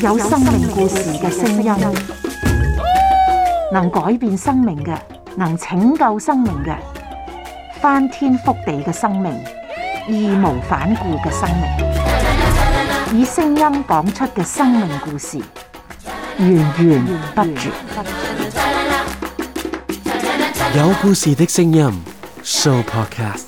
有生命故事嘅聲音，能改變生命嘅，能拯救生命嘅，翻天覆地嘅生命，義無反顧嘅生命，以聲音講出嘅生命故事，源源不絕。有故事嘅聲音，Show Podcast。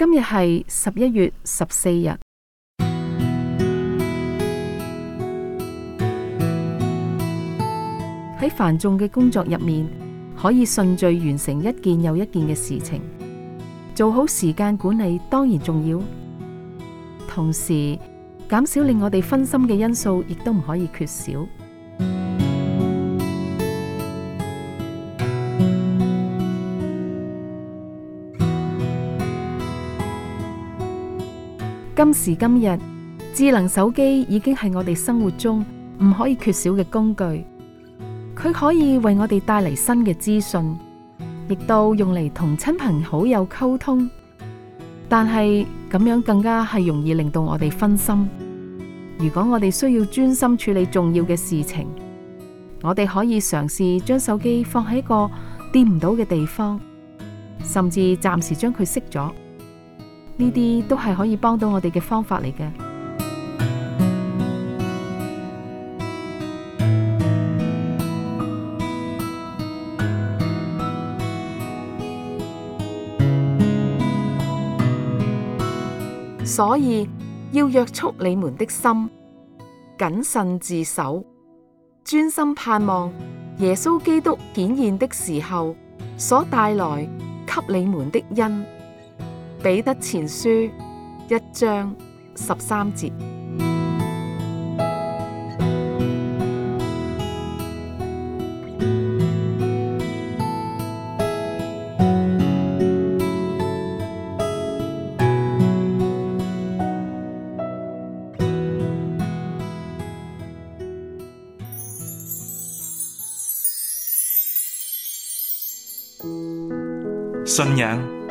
今日係十一月十四日。喺繁重嘅工作入面，可以順序完成一件又一件嘅事情。做好時間管理當然重要，同時減少令我哋分心嘅因素，亦都唔可以缺少。今時今日，智能手機已經係我哋生活中唔可以缺少嘅工具。佢可以為我哋帶嚟新嘅資訊，亦都用嚟同親朋好友溝通。但係咁樣更加係容易令到我哋分心。如果我哋需要專心處理重要嘅事情，我哋可以嘗試將手機放喺個掂唔到嘅地方，甚至暫時將佢熄咗。呢啲都係可以幫到我哋嘅方法嚟嘅， 所以要約束你們的心，謹慎自守，專心盼望耶穌基督顯現的時候所帶來給你們的恩。彼得前書一章十三節，信仰。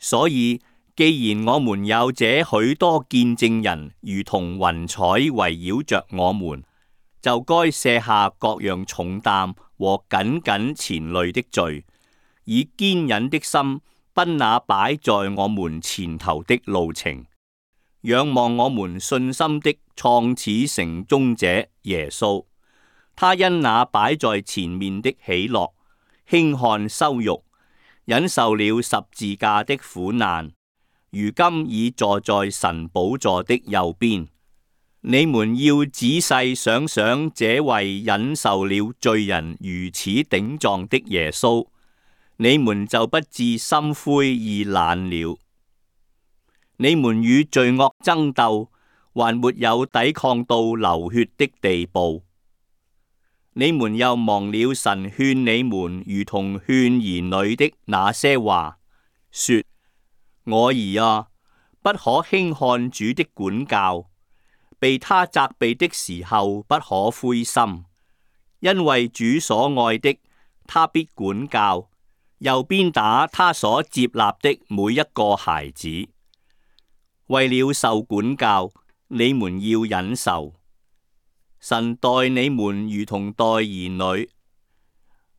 所以，既然我們有這許多見證人，如同雲彩圍繞着我們，就該卸下各樣重擔和緊緊纏累的罪，以堅忍的心奔那擺在我們前頭的路程。仰望我們信心的創始成終者耶穌，他因那擺在前面的喜樂，輕看羞辱。忍受了十字架的苦難，如今已坐在神寶座的右邊。你們要仔細想想這位忍受了罪人如此頂撞的耶穌，你們就不至心灰意冷了。你們與罪惡爭鬥，還沒有抵抗到流血的地步。你們又忘了神勸你們如同勸兒女的那些話，說：我兒啊，不可輕看主的管教，被他責備的時候不可灰心，因為主所愛的，他必管教，又鞭打他所接納的每一個孩子。為了受管教，你們要忍受。神待你們如同待兒女，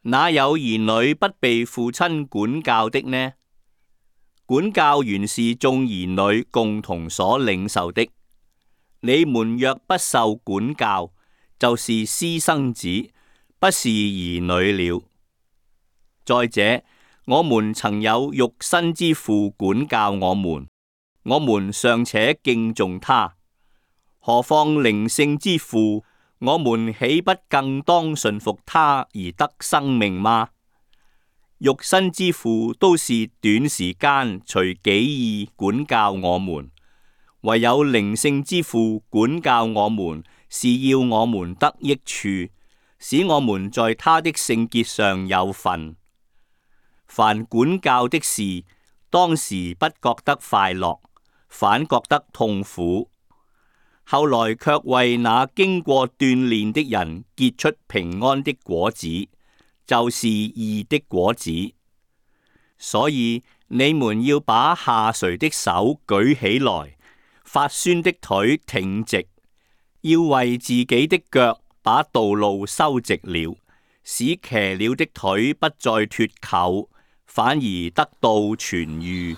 哪有兒女不被父親管教的呢？管教原是眾兒女共同所領受的。你們若不受管教，就是私生子，不是兒女了。再者，我們曾有肉身之父管教我們，我們尚且敬重他，何況靈性之父？我們豈不更當信服他而得生命嗎？肉身之父都是短時間隨己意管教我們，唯有靈性之父管教我們是要我們得益處，使我們在他的聖潔上有份。凡管教的事，當時不覺得快樂，反覺得痛苦。後來却為那經過鍛煉的人結出平安的果子，就是義的果子。所以你們要把下垂的手舉起來，發酸的腿挺直，要為自己的腳把道路修直了，使瘸了的腿不再脱臼，反而得到痊癒。